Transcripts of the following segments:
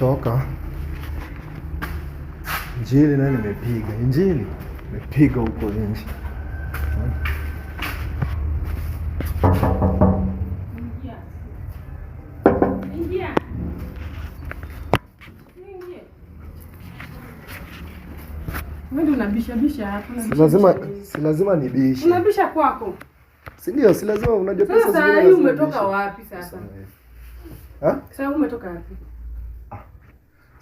nimechoka. Injili nayo nimepiga, injili nimepiga huko nje. Si lazima ni bisha. Unabisha kwako. Si ndio, si lazima unajua pesa. Sasa umetoka wapi sasa? Ha? Sasa umetoka wapi?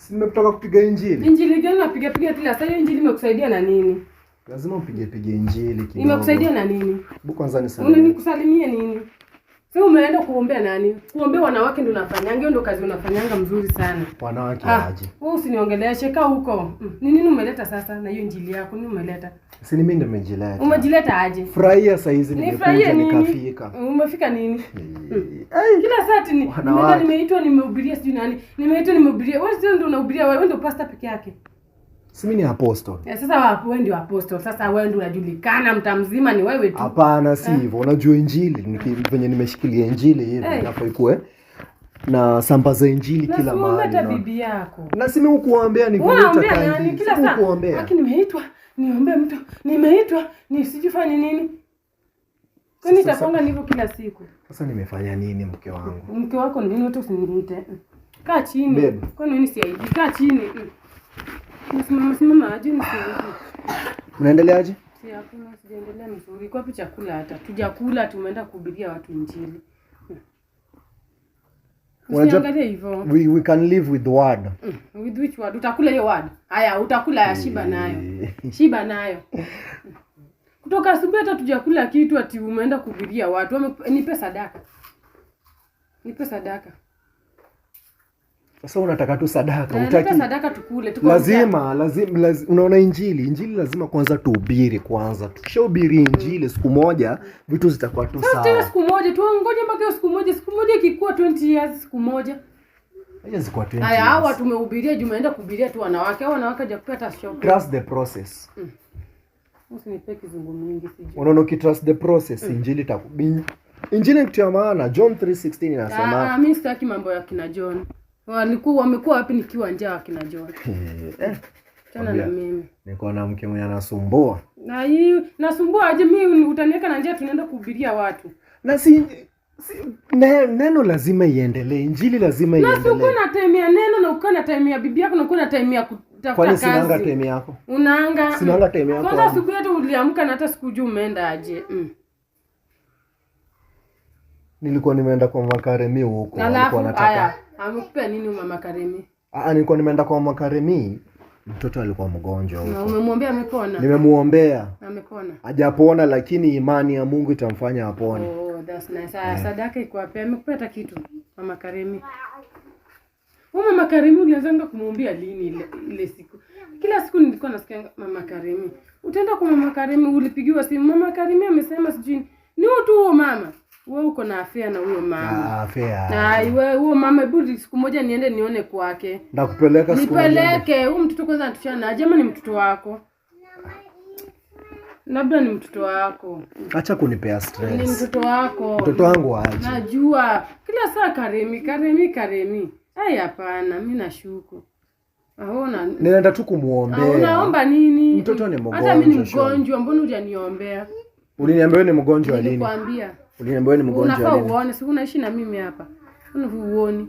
Si nimetoka kupiga injili. Injili gani napiga piga kila saa? Hiyo injili imekusaidia na nini? Lazima upige pige injili kidogo. Imekusaidia na nini? Hebu kwanza nisalimie. Unanikusalimia nini? Sio umeenda kuombea nani? Kuombea wanawake ndio unafanyanga, hiyo ndio kazi unafanyanga mzuri sana. Wanawake ah, aje. Wewe usiniongelea cheka huko. Mm, ni nini umeleta sasa na hiyo injili yako? Nini umeleta? Si mimi ndio nimejileta. Umejileta aje? Furahia saa hizi nimekuja nikafika. Umefika nini? Hey. Mm. Kila saa ni nimeitwa nimehubiria sijui nani. Nimeitwa nimehubiria. Wewe sio ndio unahubiria, wewe ndio pastor peke yake. Si mimi ni apostle. Yeah, sasa wewe ndio apostle. Sasa wewe ndio unajulikana mtamzima ni wewe tu. Hapana, si eh? hivyo. Eh. Unajua Injili venye nimeshikilia Injili hivi hey. Eh. Hapo ikue na sambaza Injili kila mahali. Na bibi yako. Na si mimi ni kuleta kanzi. Kila saa Lakini nimeitwa, niombe mtu, nimeitwa, ni sijifanye nini? Kwani itakonga nivyo kila siku. Sasa nimefanya nini mke wangu? Mke wako nini? Wewe usiniite. Kaa chini. Kwani wewe ni siaidi? Kaa chini simama aje mzuri. Unaendeleaje? Si hakuna sijaendelea mzuri. Kwa chakula hata tujakula tumeenda kuhubiria watu Injili. Usiangalie hivyo. We, we can live with the word. Mm, with which word? Utakula hiyo word. Haya, utakula ya shiba eh. nayo. Shiba nayo. Kutoka asubuhi hata tujakula kitu ati umeenda kuhubiria watu. nipe sadaka. Nipe sadaka. Sasa unataka tu sadaka, eh, utaki sadaka tukule, tuko lazima, lazima, lazima unaona injili, injili lazima kwanza tuhubiri kwanza. Tukishahubiri injili siku moja vitu zitakuwa tu sawa. Sasa siku moja tu ngoja mpaka siku moja, siku moja ikikuwa 20 years siku moja. Haya zikuwa 20. Haya hawa tumehubiria jumaenda kuhubiria tu wanawake. Hao wanawake hajakupa hata shock. Trust the process. Mm. Unaona ki trust the process mm. injili itakubinya. Injili ni kitu ya maana. John 3:16 inasema. Ah, ah, mimi sitaki mambo ya kina John walikuwa wamekuwa wapi nikiwa njaa wakina John? Tena na mimi niko na mke mwenye anasumbua na hii nasumbua aje? Mimi utaniweka na njaa tunaenda kuhubiria watu na si, si ne, neno lazima iendelee, injili lazima iendelee. Na uko na time ya neno na uko na time ya bibi yako na uko na time ya kutafuta kazi. Kwani sinanga time yako? Unanga. Sinanga time yako. Kwanza asubuhi hata uliamka na hata sikujua umeenda aje. Mm nilikuwa nimeenda kwa makaremi huko alikuwa anataka amekupa nini mama ah, ah nilikuwa nimeenda kwa makaremi mtoto alikuwa mgonjwa huko amepona nimemwombea ajapona hajapona lakini imani ya Mungu itamfanya apone oh that's nice yeah. sadaka iko amekupa hata kitu mama mama ulianza lini ile, ile siku kila siku nilikuwa nasikia mama karemi utaenda kwa mama karemi ulipigiwa simu mama karemi amesema sijui ni tu mama wewe uko na afya na huyo mama. Na afya. Na wewe huyo mama, hebu siku moja niende nione kwake. Na kupeleka siku moja. Nipeleke huyo mtoto kwanza atuchana. Ajama ni mtoto wako. Labda ni mtoto wako. Acha kunipea stress. Ni mtoto wako. Mtoto wangu aje. Najua kila saa Karemi, Karemi, Karemi. Ai, hapana, mimi nashuku. Aona. Ninaenda tu kumuombea. Unaomba nini? Mtoto ni mgonjwa. Hata mimi ni mgonjwa, mbona hujaniombea? Uliniambia wewe ni mgonjwa nini? Nilikwambia. Uliniambia ni mgonjwa. Unafaa uone, siku unaishi na mimi hapa. Una huoni.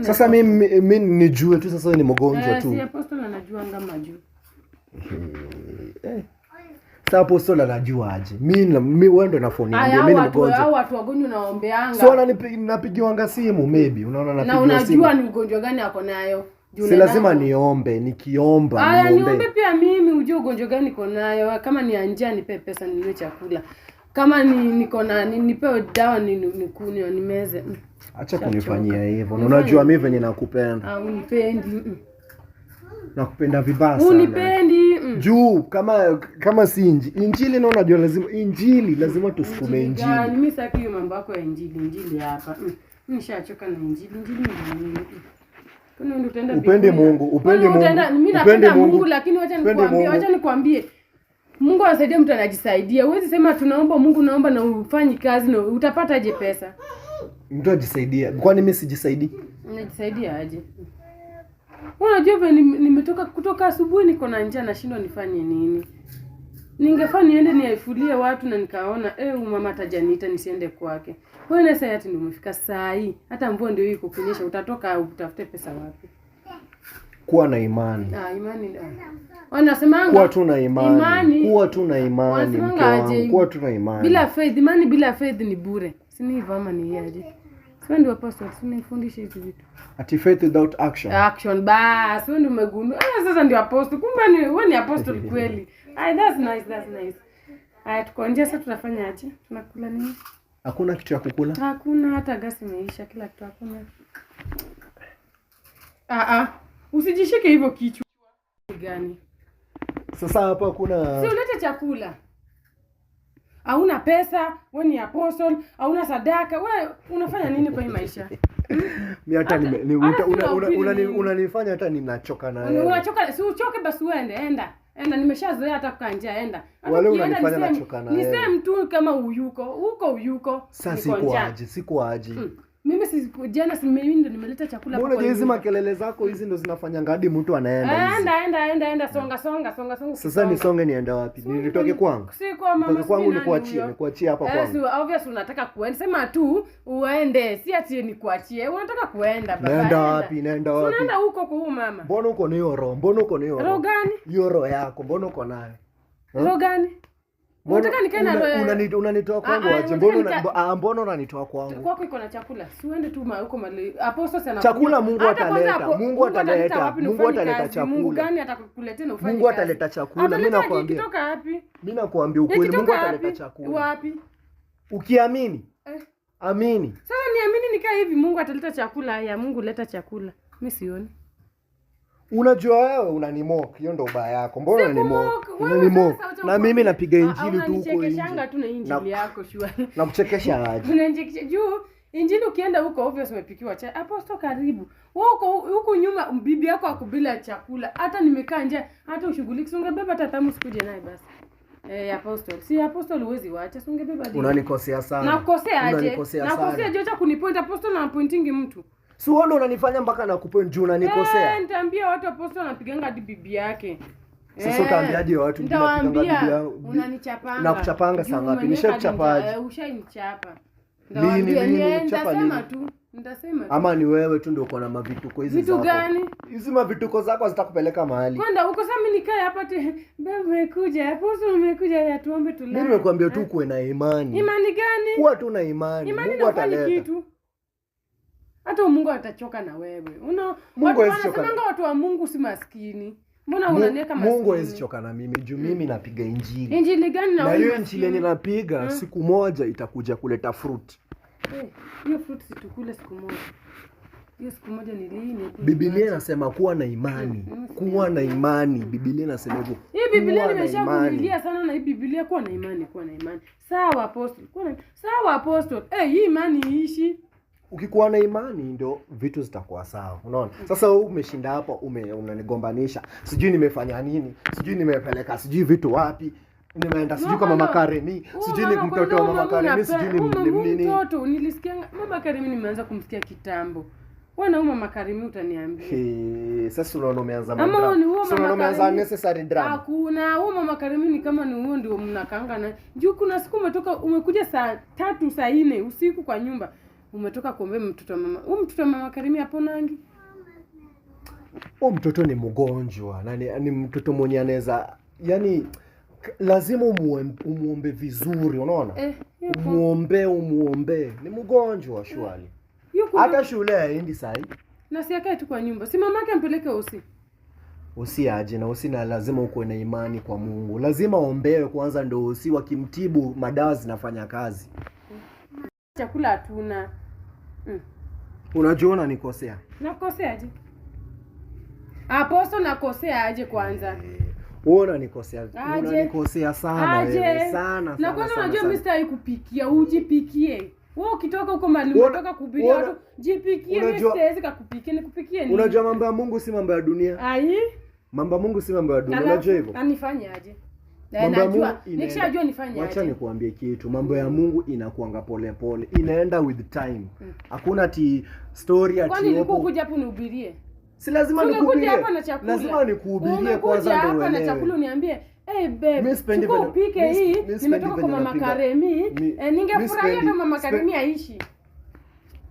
Sasa mimi mimi nijue tu sasa ni mgonjwa eh, tu. Si apostle anajua ngama juu. Eh. Sasa apostle anajua aje? Mimi mimi wewe ndo nafoniambia mimi ni mgonjwa. Hao watu wagonjwa naombeanga. So napigiwanga simu maybe. Unaona napigiwa simu. Na unajua ni ugonjwa gani ako nayo? Si lazima niombe, nikiomba niombe. Aya, niombe pia mimi ujue ugonjwa gani niko nayo. Kama ni anjia nipe pesa ninunue chakula kama ni niko na ni, nipewe dawa ni, nimeze. Mm. Acha kunifanyia hivyo, unajua mimi venye nakupenda. Ah, unipendi nakupenda vibaya sana. Unipendi mm. Juu kama kama si injili, injili naona jua lazima injili lazima tusukume injili. Gani mimi hiyo mambo yako ya injili injili hapa. Mm. Nishachoka na injili injili ndio. Kuna ndio utaenda upende Mungu, upende Mungu. Mimi napenda Mungu, lakini wacha nikwambie, wacha nikwambie Mungu anasaidia, mtu anajisaidia. Huwezi sema tunaomba Mungu, naomba na ufanyi kazi, na utapataje pesa? Mtu ajisaidia. Kwani mimi sijisaidii? Unajisaidia aje? Unajua nimetoka kutoka asubuhi, niko na njaa, nashindwa nifanye nini. Ningefaa niende niaifulie watu na nikaona eh, mama atajaniita nisiende kwake. Kwa hiyo ati ndio umefika saa hii, hata mvua ndio iko kunyesha, utatoka utafute pesa wapi? kuwa na ah, imani. kuwa tu na imani. Kuwa tu na imani. kuwa tu na imani. Bila faith, imani bila faith ni bure. Sini hivyo ama ni aje? Sio ndio pastor, tunifundisha hizi vitu. Ati faith without action. Action bas, wewe ndio umegundua. Ah, sasa ndio apostle. Kumbe ni wewe ni apostle kweli. Ah, that's nice, that's nice. Haya, tuko nje sasa, tunafanya aje? Tunakula nini? Hakuna kitu ya kukula? Hakuna, hata gasi imeisha, kila kitu hakuna. Ah ah. Usijishike hivyo kichwa. Gani? Sasa hapa kuna si ulete chakula, hauna pesa, we ni apostle, hauna sadaka, we unafanya nini kwa hii maisha? Mimi hata unanifanya hata ninachoka na wewe. Unachoka, si uchoke basi, uende enda enda, nimeshazoea hata kukaa njia, enda wale unanifanya nachoka na wewe. Ni same tu kama uyuko uko uyuko sasa, sikuaje sikuaje. Mm mimi si jana si mimi ndo nimeleta chakula kwa hizi makelele zako hizi ndo zinafanya ngadi mtu anaenda Aenda, aenda, aenda, aenda, songa songa songa songa sasa ni songe nienda wapi Ni nitoke kwangu si kwa mama toke kwangu ni kuachie, ni kuachie hapa eh, kwangu Sasa obvious unataka kuenda sema tu uende si ati nikuachie unataka kuenda baba naenda wapi naenda wapi unaenda huko kwa huyo mama mbona uko na hiyo roho mbona uko na hiyo roho gani hiyo roho yako mbona uko nayo roho eh? gani unanitoa ah, kwangu ah, aje? Ah, mbona unanitoa kwangu? Mungu ataleta, Mungu ataleta, Mungu ataleta chakula. ataleta chakula, mimi ukweli, Mungu ataleta chakula. Ukiamini eh. amini. Sasa niamini nikaa hivi, Mungu ataleta chakula. Ya Mungu leta chakula, mimi sioni Unajua wewe unanimock, hiyo ndo ubaya yako. Mbona unanimock? Unanimock na mimi napiga ah, injili tu huko na, na kuchekesha aje unanichekesha juu injili ukienda huko obvious umepikiwa cha aposto karibu wewe huko huko nyuma bibi yako akubila chakula hata nimekaa nje hata ushughuliki ungebeba hata tamu sikuje naye basi Eh, apostle. Si apostle huwezi wacha, si ungebeba dini. Unanikosea sana. Nakukosea aje? Unanikosea sana. Nakukosea je acha kunipoint apostle na pointing mtu. Si wewe unanifanya mpaka nakupoint juu unanikosea. Eh, nitaambia watu apostle anapiganga hadi bibi yake. Sasa utaambiaje eh, watu na kuchapanga saa ngapi? Nishakuchapaje? Ama ni wewe tu ndio uko na mavituko hizi zako. Vitu gani? Hizi mavituko zako zitakupeleka mahali. Kwenda huko sasa mimi nikae hapa tu. Mbona umekuja. Hapo sio umekuja ya tuombe tu. Mimi nimekuambia tu eh? kuwe na imani. Imani gani? Kuwa tu na imani. Imani Mungu ataleta. Kitu. Hata Mungu atachoka na wewe. Una Mungu watu wanasemanga watu wa Mungu si maskini. Mbona unaniweka maskini? Mungu hawezi choka na mimi juu mimi mm. napiga injili. Injili gani na wewe? Na hiyo injili yenye napiga hmm, siku moja itakuja kuleta fruit. Eh, hiyo hey, fruit situkule siku moja. Hiyo siku moja ni lini? Biblia inasema kuwa na imani. Mm, mm, kuwa na imani. Biblia inasema hivyo. Hii Biblia nimeshavumilia sana na hii Biblia kuwa na imani, kuwa na imani. Sawa apostle. Kuwa na... Sawa apostle. Eh, hey, hii imani iishi ukikuwa na imani ndio vitu zitakuwa sawa, unaona. Sasa wewe umeshinda hapa, ume unanigombanisha, sijui nimefanya nini, sijui nimepeleka sijui vitu wapi, nimeenda sijui kwa mama Karemi, sijui ni mtoto wa mama Karemi, sijui ni nini. Mtoto nilisikia mama Karemi, nimeanza kumsikia kitambo. wana na mama Karemi utaniambia. Hey, sasa unaona umeanza mambo. Sasa unaona umeanza necessary drama. Hakuna, huyo mama Karemi ni kama ni huo ndio mnakaanga na. Juu kuna siku umetoka umekuja saa tatu saa nne usiku kwa nyumba umetoka kuombea mtoto wa mama huyu, mtoto wa mama hapo nangi? Huyu mtoto ni mgonjwa na ni, ni mtoto mwenye anaweza yani lazima umuombe vizuri, unaona eh, umuombe umuombe, ni mgonjwa shwali eh, hata shule haendi sahi, na si akae tu kwa nyumba, si mama yake ampeleke usi usi aje na usi, na lazima ukuwe na imani kwa Mungu, lazima ombewe kwanza, ndio usi wakimtibu madawa zinafanya kazi chakula hatuna mm. Unajiona nikosea? Nakosea Nakoseaje? Aposto, ah, nakosea aje kwanza? Wewe eh, unanikosea, unanikosea sana aje? wewe, sana na kwanza, unajua mimi sitaki kupikia, ujipikie wewe. Ukitoka huko mali unatoka kuhubiri watu, jipikie. Mimi siwezi kukupikia, nikupikie nini? Unajua mambo ya Mungu si mambo ya dunia. Ai, mambo ya Mungu si mambo ya dunia, unajua hivyo. Anifanye aje? mambo ya Mungu nikishajua nifanye Acha nikuambie kitu, mambo ya Mungu inakuanga pole pole inaenda with time. Hmm. Hakuna ti story ati kwani nikukuja hapo nihubirie, si lazima nikuhubirie, lazima nikuhubirie kwanza, ndio wewe na chakula uniambie Hey babe, chukua upike hii, nimetoka kwa mama Karemi, eh, ningefurahia kama mama Karemi aishi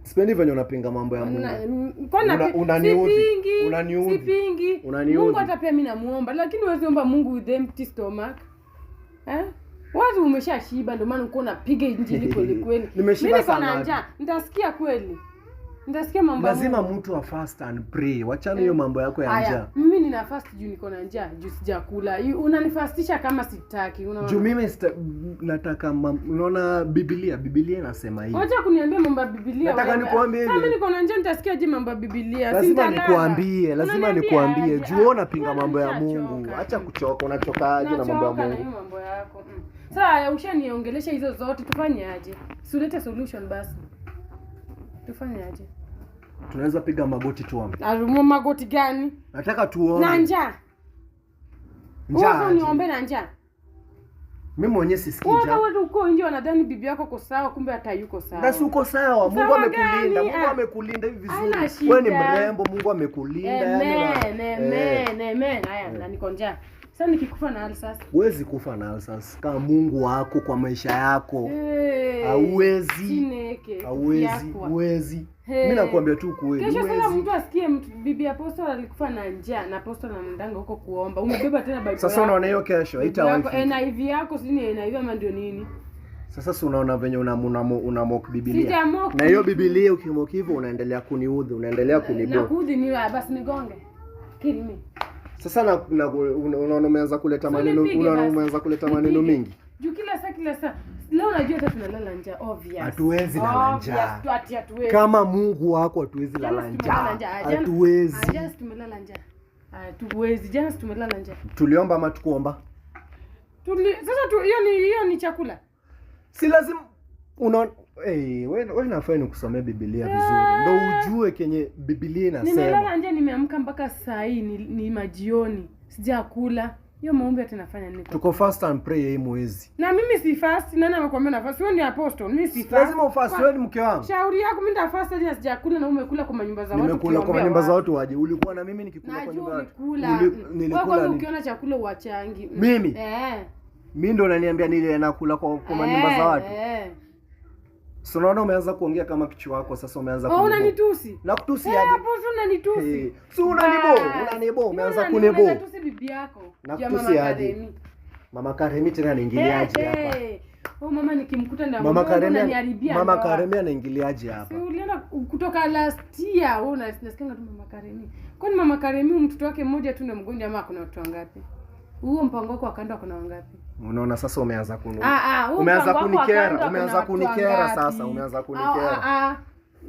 Sipendi venye unapinga mambo ya Mungu. Mm, sipingi. Mungu hata pia mimi namuomba, lakini uwezi omba Mungu with empty stomach. Eh? Wazi umeshashiba ndio maana uko unapiga injili kwelikweli kweli. Nimeshiba Nitasikia kweli. Ndasikia mambo. Lazima mtu afast and pray. Wachana hiyo eh. mambo yako ya njaa. Mimi nina fast juu niko na njaa, juu sijakula. Unanifastisha kama sitaki. Unaona? Juu mimi nataka unaona Biblia, Biblia inasema hivi. Wacha kuniambia mambo ya Biblia. Nataka nikuambie hivi. niko na njaa nitasikia je mambo ya Biblia. Lazima nikuambie, lazima nikuambie. Juu unapinga ah, mambo ya Mungu. Acha kuchoka, unachokaje na mambo ya Mungu? Mambo yako. Mm. Sasa ushaniongelesha hizo zote tufanye Sulete solution basi. Tufanye tunaweza piga magoti tuombe. Arumu magoti gani? Nataka tuombe. Na njaa. Njaa. Niombe na njaa. Mimi mwenyewe sisikii njaa. Wao uko nje wanadhani bibi yako ko sawa kumbe hata yuko sawa. Basi uko sawa. Mungu amekulinda. Mungu ah, amekulinda hivi vizuri. Wewe ni mrembo, Mungu amekulinda. Amen. Amen. Eh. Amen. Haya, na niko njaa. Sasa nikikufa na alsas. Huwezi kufa na alsas. Kama Mungu wako kwa maisha yako. Hauwezi. Hauwezi. Huwezi. Mimi nakwambia tu kweli. Kesho sasa mtu asikie mtu bibi apostle alikufa na njaa na apostle na anamdanga huko kuomba. Umebeba tena Biblia. Sasa unaona hiyo kesho haitawafika. NIV yako si ni NIV ama ndio nini? Sasa si unaona venye una una una mock Biblia. Na hiyo Biblia ukimokivu unaendelea kuniudhi, unaendelea kuniboa. Nakuudhi ni basi nigonge. Kill me. Sasa na, na unaona umeanza kuleta maneno unaona umeanza kuleta maneno mengi. Juu kila saa kila saa leo najua hata tunalala njaa obvious. Hatuwezi lala njaa. Kama Mungu wako hatuwezi lala njaa. Hatuwezi. Just tumelala njaa. Hatuwezi ah, jana ah, tumelala njaa. Tuliomba ama tukuomba? Tuli sasa tu hiyo ni hiyo ni chakula. Si lazima unaona Hey, we, we nafai ni kusomea Biblia vizuri yeah. Ndo ujue kenye Biblia inasema. Nimelala nje nimeamka mpaka saa hii ni, ni majioni sijakula. Hiyo maombi atanafanya nini? Tuko fast and pray hii mwezi. Na mimi si fast, nani amekuambia na fast? Wewe ni apostle, mimi si fast. Lazima ufast wewe mke wangu. Shauri yako mimi ndafast hadi sijakula na umekula kwa manyumba za watu. Nimekula kwa manyumba za watu waje. Ulikuwa na mimi nikikula kwa nyumba. Najua nilikula. Wewe ukiona chakula uwachangi. Mimi. Eh. Mimi ndo unaniambia nile nakula kwa kwa manyumba za eh, watu. Eh. So naona umeanza kuongea kama kichwa wako sasa umeanza oh, kunibo. Oh, unanitusi. Na kutusi hey, eh, hapo si unanitusi. Hey. Eh, so unanibo, unanibo, umeanza kunibo. Unanitusi bibi yako. Na kutusi hadi. Mama Karemi tena anaingiliaje hey, eh, hapa? Hey. Oh, mama nikimkuta ndio mama Karemi ananiharibia. Mama Karemi anaingiliaje hapa? Si ulienda kutoka last year wewe oh, unasikia tu mama Karemi. Kwani mama Karemi mtoto wake mmoja tu ndio mgonjwa ama kuna watu wangapi? Huo mpango wako akaenda kuna wangapi? Unaona sasa umeanza kunu. Ah, ah, umeanza kunikera, umeanza kunikera sasa, umeanza ah, kunikera. Ah, ah.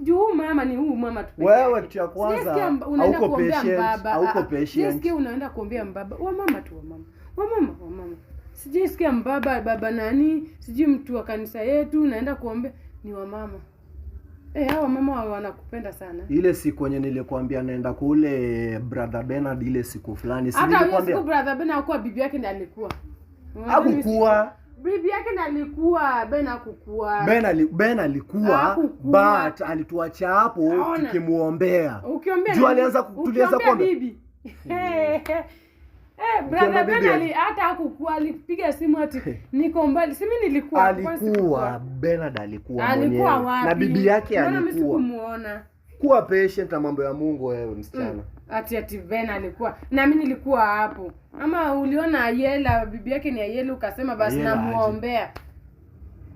Juu mama ni huu mama tu. Wewe kitu ya kwanza ah, ah. hauko patient, hauko patient. Sikia unaenda kuombea mbaba. Wa mama tu wa mama. Wa mama wa mama. Sijui sikia mbaba baba nani, sijui mtu wa kanisa yetu unaenda kuombea ni wa mama. Eh, hawa mama wanakupenda sana. Ile siku yenye nilikwambia naenda kule brother Bernard ile siku fulani. Si nilikwambia. Hata siku brother Bernard alikuwa bibi yake ndiye alikuwa akukua bibi yake alikuwa Ben akukua Ben, ali, ben alikuwa but alituacha hapo tukimuombea. Ukiombea juu alianza tulianza kuomba bibi Eh, brother Ben hata hakukua alipiga simu ati niko mbali. Si mimi nilikuwa alikuwa Bernard alikuwa alikuwa Na bibi yake alikuwa. mimi sikumuona? Kuwa patient na mambo ya Mungu wewe msichana. Mm ati ati Vena alikuwa na mimi nilikuwa hapo, ama uliona Ayela bibi yake ni Ayela, ukasema basi namuombea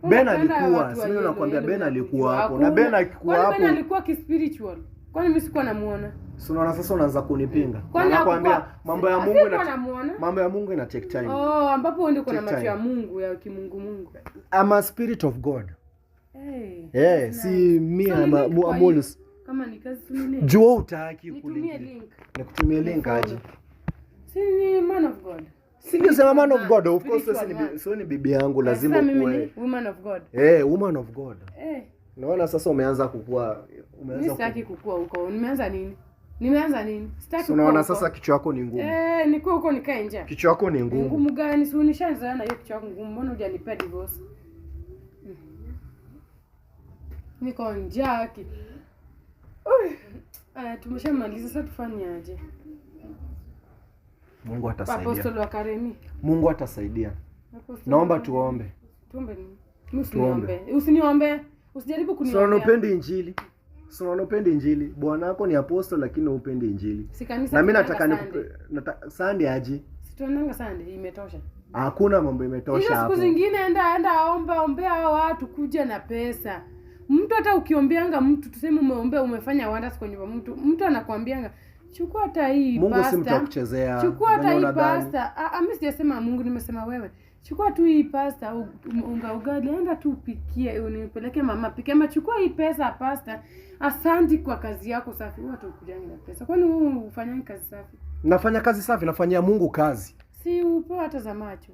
Ben alikuwa sio, nakwambia Ben alikuwa hapo na Ben alikuwa hapo. Ben alikuwa kispiritual, kwani mimi sikuwa namuona. So unaona sasa, unaanza kunipinga na nakwambia mambo ya Mungu na mambo ya Mungu ina take time. Oh, ambapo ndio kuna macho ya Mungu ya kimungu Mungu. I'm a spirit of God. Eh. Hey, hey, si mimi ama a, kama ni kazi tumie. Jua utaki kutumie link. Nikutumie link aje. Si ni man of God. Singesema man of ah, God, of course sasa ni sio ni bibi yangu lazima kuwe. Woman of God. Eh, woman of God. Eh. Naona sasa umeanza kukua, umeanza Mimi Sitaki kukua huko. Nimeanza nini? Nimeanza nini? Sitaki kukua. Unaona sasa kichwa chako ni ngumu. Eh, niko huko nikae nje. Kichwa chako ni ngumu. Eh, ngumu gani? Si unishaanza na hiyo kichwa chako ngumu. Mbona hujanipea divorce? Mm. Niko njaa Uh, tumeshamaliza sasa, tufanye aje? Mungu atasaidia. Apostol wa Karemi. Mungu atasaidia. Naomba tuombe. Tuombe nini? Usiniombe. Usiniombe. Usijaribu kuniombea. Sio unapendi Injili. Sio unapendi Injili. Bwana wako ni apostol lakini upendi Injili. Si kanisa. Na mimi nataka ni nata, Sunday aje. Situonanga Sunday imetosha. Hakuna mambo imetosha hapo. Siku zingine enda enda aomba ombea watu kuja na pesa mtu hata ukiombeanga mtu tuseme umeombea umefanya wonders nyumba mtu mtu anakuambianga chukua hata hii Mungu si mtu kuchezea chukua hata hii pasta mimi sijasema Mungu nimesema wewe chukua tu hii pasta um, unga ugali enda tu upikie unipeleke mama pikie ama chukua hii pesa pasta asanti kwa kazi yako safi watu ukujani na pesa kwani wewe ufanyangi kazi safi nafanya kazi safi nafanyia Mungu kazi si upo hata za macho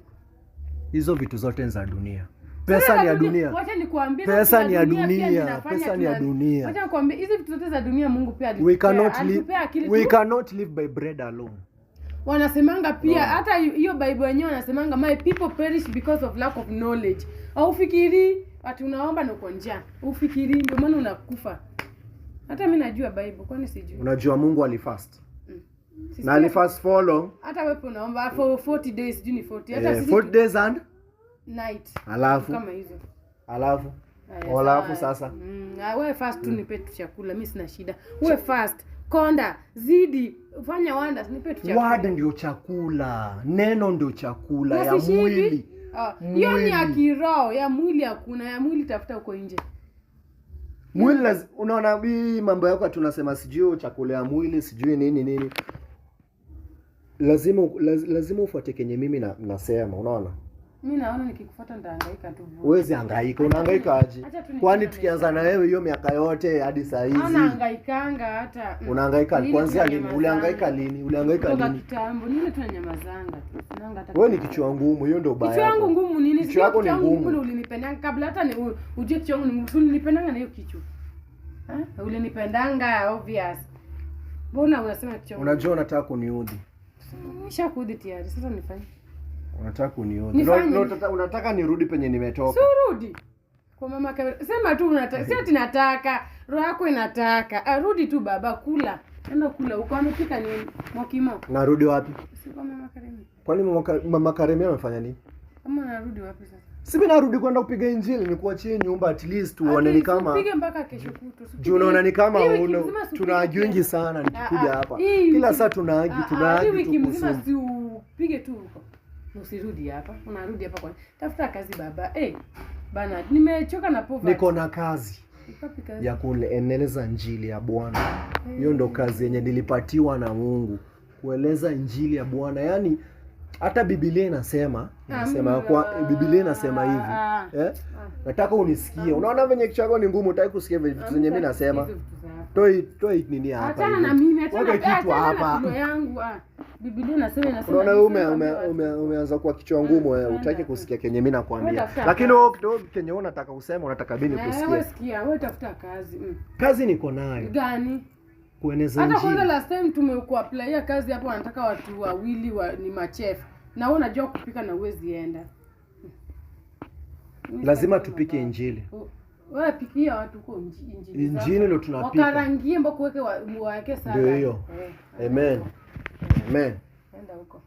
hizo vitu zote za dunia Pesa ni ya dunia. Wacha nikwambie, pesa ni ya dunia. Pesa ni ya dunia. Wacha nikwambie hizi vitu zote za dunia Mungu pia alitupea. We cannot live, we cannot live by bread alone. Wanasemanga pia hata no. Hiyo Bible yenyewe wanasemanga my people perish because of lack of knowledge. Au fikiri ati unaomba na uko njaa. Ufikiri ndio maana unakufa. Hata mimi najua Bible, kwani sijui. Unajua Mungu alifast. Mm. Na alifast for long. Hata wewe unaomba for 40 days, juni 40. Hata eh, sisi 40 days and alafu kama hizo alafu alafu sasa mm, wewe ah, fast tu mm. nipe tu chakula mimi sina shida wewe fast konda zidi fanya wonders nipe tu chakula wada ndio chakula neno ndio chakula ya shidi. Ah, mwili hiyo ni ya kiroho ya mwili hakuna ya mwili tafuta huko nje mwili laz... unaona hii mambo yako tunasema sijui chakula ya mwili sijui nini nini lazima laz, lazima ufuate kenye mimi na, nasema unaona Uwezi angaika, nikikufuata nitahangaika tu. Huwezi hangaika, unahangaika aje? Kwani tukianza na wewe hiyo miaka yote hadi saa hizi. Unahangaikanga hata. Mm. Unahangaika kwanza lini? Ulihangaika lini? Ulihangaika lini? Kwa kitambo nini tunanyamazanga tu. Unahangaika hata. Wewe ni kichwa ngumu, hiyo ndio baya. Kichwa yangu ngumu nini? Kichwa yako ni ngumu. Ndio ulinipendanga kabla hata ni ujue kichwa yangu ni ngumu. Ulinipendanga na hiyo kichwa. Ha? Eh? Ulinipendanga obvious. Mbona unasema kichwa? Unajua unataka kuniudhi. Nimeshakudhi tayari. Sasa nifanye Unataka kunioni? No, no, unataka nirudi penye nimetoka. Si urudi. Kwa mama kamera. Sema tu unataka. Sio tinataka. Roho yako inataka. Arudi ah, tu baba kula. Enda kula huko amepika nini? Mwakimo. Narudi wapi? Si kwa mama Karemi. Kwani mama, Karemi amefanya nini? Kama narudi wapi sasa? Si mimi narudi kwenda kupiga injili ni kuachie nyumba at least uone ni kama. Pige mpaka kesho kutu. Juu unaona ni kama uno tunaagi wengi sana nikikuja ah, ah. hapa. Kila saa tunaaji tunaaji. tu. Wiki mzima si upige tu huko usirudi hapa, unarudi hapa kwa tafuta kazi baba. Eh, hey, bana, nimechoka na poverty. Niko na kazi ya kueneleza njili ya Bwana. Eh. Hiyo hey, ndo kazi yenye nilipatiwa na Mungu, kueleza njili ya Bwana. Yaani hata Biblia inasema inasema kwa Biblia inasema hivi ah, ah. eh? Nataka unisikie. Ah. Unaona venye kichwa chako ni ngumu, utaki kusikia vitu zenye mimi nasema. Toi toi nini hapa? Hata na mimi hata na kitu hapa yangu. Biblia nasema nasema Unaona ume, ume, ume, umeanza kuwa kichwa ngumu wewe, utaki kusikia kenye mimi nakwambia. Lakini wewe kidogo kenye wewe unataka kusema, unataka mimi eh, kusikia. Wewe sikia, wewe tafuta kazi. Mm. Kazi niko nayo. Gani? Kueneza injili. Hata kwanza last time tumekuapplyia kazi hapo wanataka watu wawili wa, ni machef. Na wewe unajua kupika na uwezi enda. Lazima tupike injili. Oh, wewe pikia watu kwa injili. Injili ndio tunapika. Wakarangie mbona kuweke waweke sana. Ndio hiyo. Eh, eh. Amen. Amen. Amen. Nenda